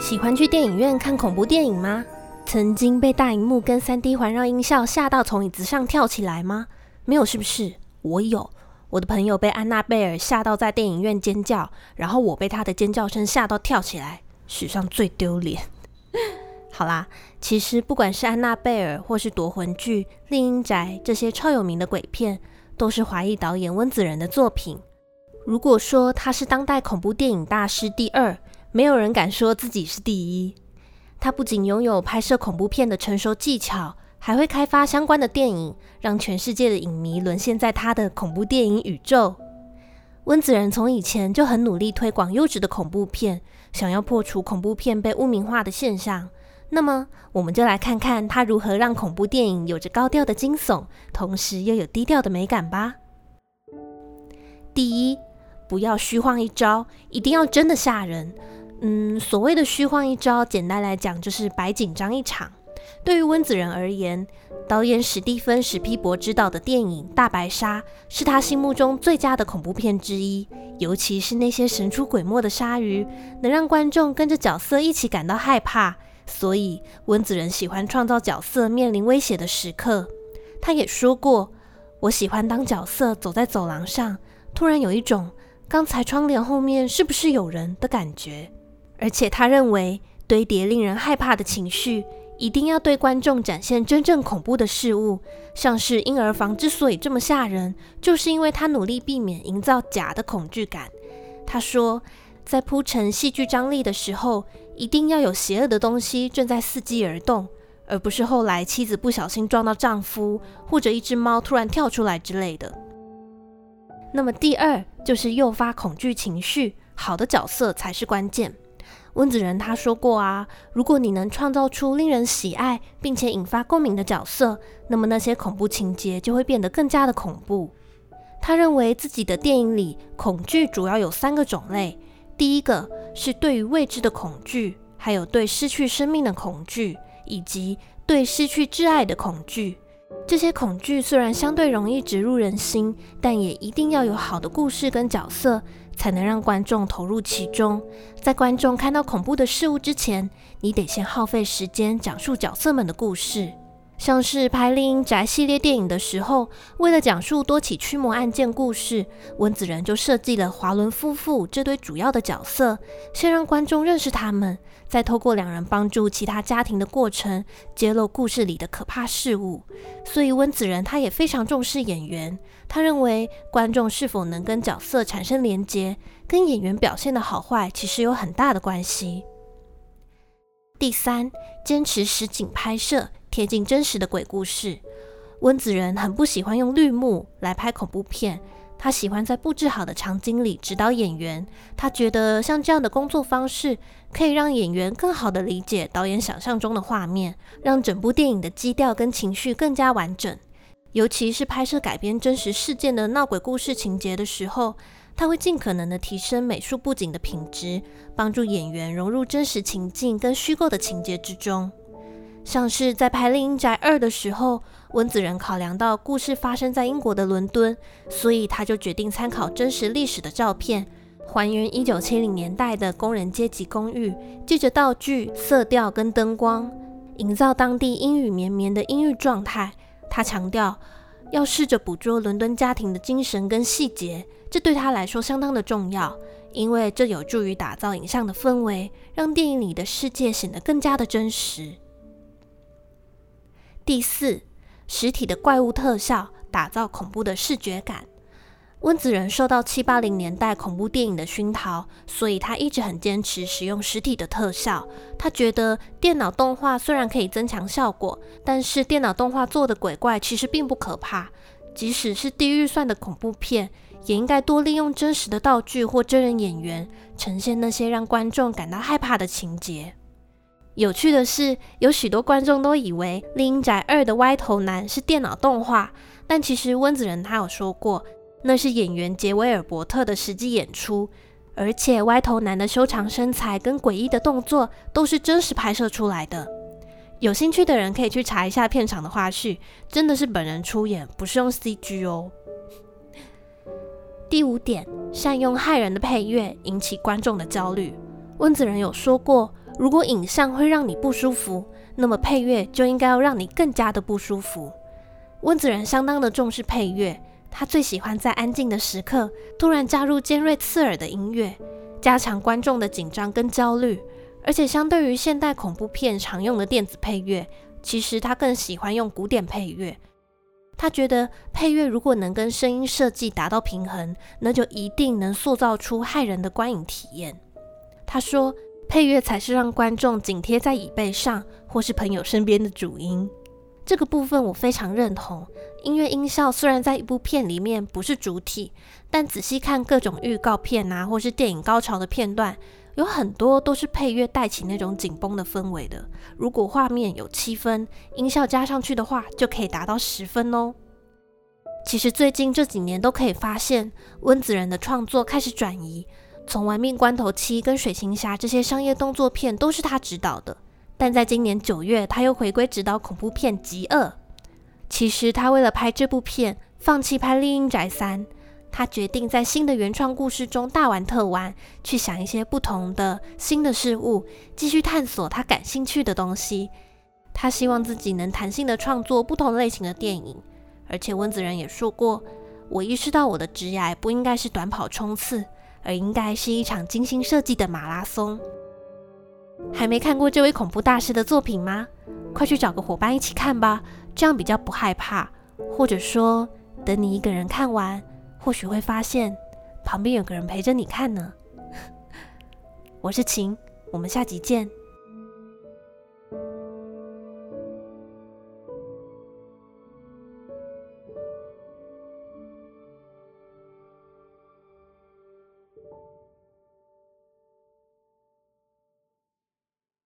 喜歡去電影院看恐怖電影嗎？曾經被大螢幕跟三 D 環繞音效嚇到從椅子上跳起來嗎？沒有是不是？我有，我的朋友被安娜貝爾嚇到在電影院尖叫，然後我被他的尖叫聲嚇到跳起來，史上最丟臉。 好啦，其實不管是安娜貝爾或是奪魂鋸、厲陰宅這些超有名的鬼片，都是華裔導演溫子仁的作品。如果說他是當代恐怖電影大師第二，沒有人敢說自己是第一。他不僅擁有拍攝恐怖片的成熟技巧，還會開發相關的電影，讓全世界的影迷淪陷在他的恐怖電影宇宙。溫子仁從以前就很努力推廣優質的恐怖片，想要破除恐怖片被汙名化的現象。那麼，我們就來看看他如何讓恐怖電影有着高調的驚悚，同時又有低調的美感吧。第一，不要虛晃一招，一定要真的嚇人。嗯，所謂的虛晃一招，簡單來講就是白緊張一場。對於溫子仁而言，導演史蒂芬·史皮博執導的電影《大白鯊》是他心目中最佳的恐怖片之一，尤其是那些神出鬼沒的鯊魚，能讓觀眾跟着角色一起感到害怕。所以溫子仁喜歡創造角色面臨威脅的時刻。他也說過：“我喜歡當角色走在走廊上，突然有一種剛才窗簾後面是不是有人的感覺。”而且他認為，堆疊令人害怕的情緒，一定要對觀眾展現真正恐怖的事物，像是嬰兒房之所以這麼嚇人，就是因為他努力避免營造假的恐懼感。他說，在鋪陳戲劇張力的時候，一定要有邪惡的東西正在伺機而動，而不是後來妻子不小心撞到丈夫，或者一隻貓突然跳出來之類的。那麼第二就是誘發恐懼情緒，好的角色才是關鍵。溫子仁他說過啊，如果你能創造出令人喜愛並且引發共鳴的角色，那麼那些恐怖情節就會變得更加的恐怖。他認為自己的電影裡恐懼主要有三個種類，第一個是對於未知的恐懼，還有對失去生命的恐懼，以及對失去摯愛的恐懼。這些恐懼雖然相對容易植入人心，但也一定要有好的故事跟角色，才能讓觀眾投入其中。在觀眾看到恐怖的事物之前，你得先耗費時間講述角色們的故事。像是拍《厲陰宅》系列電影的時候，為了講述多起驅魔案件故事，溫子仁就設計了華倫夫婦這對主要的角色，先讓觀眾認識他們，再透過兩人幫助其他家庭的過程，揭露故事裡的可怕事物。所以溫子仁他也非常重視演員，他認為觀眾是否能跟角色產生連接，跟演員表現的好壞其實有很大的關係。第三，堅持實景拍攝。貼近真實的鬼故事，溫子仁很不喜歡用綠幕來拍恐怖片。他喜歡在布置好的場景裡指導演員。他覺得像這樣的工作方式可以讓演員更好地理解導演想象中的畫面，讓整部電影的基調跟情緒更加完整。尤其是拍攝改編真實事件的鬧鬼故事情節的時候，他會盡可能地提升美術布景的品質，幫助演員融入真實情境跟虛構的情節之中。像是在拍《厲陰宅二》的時候，溫子仁考量到故事發生在英國的倫敦，所以他就決定參考真實歷史的照片，還原一九七零年代的工人階級公寓，借着道具、色調跟燈光，營造當地陰雨綿綿的陰鬱狀態。他強調，要試着捕捉倫敦家庭的精神跟細節，這對他來說相當的重要，因為這有助於打造影像的氛圍，讓電影裡的世界顯得更加的真實。第四，實體的怪物特效打造恐怖的視覺感。溫子仁受到七八零年代恐怖電影的熏陶，所以他一直很堅持使用實體的特效。他覺得電腦動畫雖然可以增強效果，但是電腦動畫做的鬼怪其實並不可怕。即使是低預算的恐怖片，也應該多利用真實的道具或真人演員，呈現那些讓觀眾感到害怕的情節。有趣的是，有許多觀眾都以為《厲陰宅二》的歪頭男是電腦動畫，但其實溫子仁他有說過，那是演員傑威爾伯特的實際演出，而且歪頭男的修長身材跟詭異的動作都是真實拍攝出來的。有興趣的人可以去查一下片場的花絮，真的是本人出演，不是用 CG 哦。第五點，善用駭人的配樂引起觀眾的焦慮。溫子仁有說過。如果影像會讓你不舒服，那麼配樂就應該要讓你更加的不舒服。溫子仁相當的重視配樂，他最喜歡在安靜的時刻突然加入尖銳刺耳的音樂，加強觀眾的緊張跟焦慮。而且相對於現代恐怖片常用的電子配樂，其實他更喜歡用古典配樂。他覺得配樂如果能跟聲音設計達到平衡，那就一定能塑造出駭人的觀影體驗。他說。配樂才是讓觀眾緊貼在椅背上或是朋友身邊的主音，這個部分我非常認同。音樂音效雖然在一部片裡面不是主體，但仔細看各種預告片啊，或是電影高潮的片段，有很多都是配樂帶起那種緊繃的氛圍的。如果畫面有七分，音效加上去的話，就可以達到十分哦。其實最近這幾年都可以發現，溫子仁的創作開始轉移。從《玩命關頭七》跟《水行俠》這些商業動作片都是他執導的，但在今年九月，他又回歸執導恐怖片《疾厄》。其實他為了拍這部片，放棄拍《厲陰宅三》，他決定在新的原創故事中大玩特玩，去想一些不同的新的事物，繼續探索他感興趣的東西。他希望自己能彈性地創作不同類型的電影，而且溫子仁也說過：“我意識到我的職業不應該是短跑衝刺。”而應該是一場精心設計的馬拉松。還沒看過這位恐怖大師的作品嗎？快去找個夥伴一起看吧，這樣比較不害怕。或者說，等你一個人看完，或許會發現旁邊有個人陪着你看呢。 我是晴，我們下集見。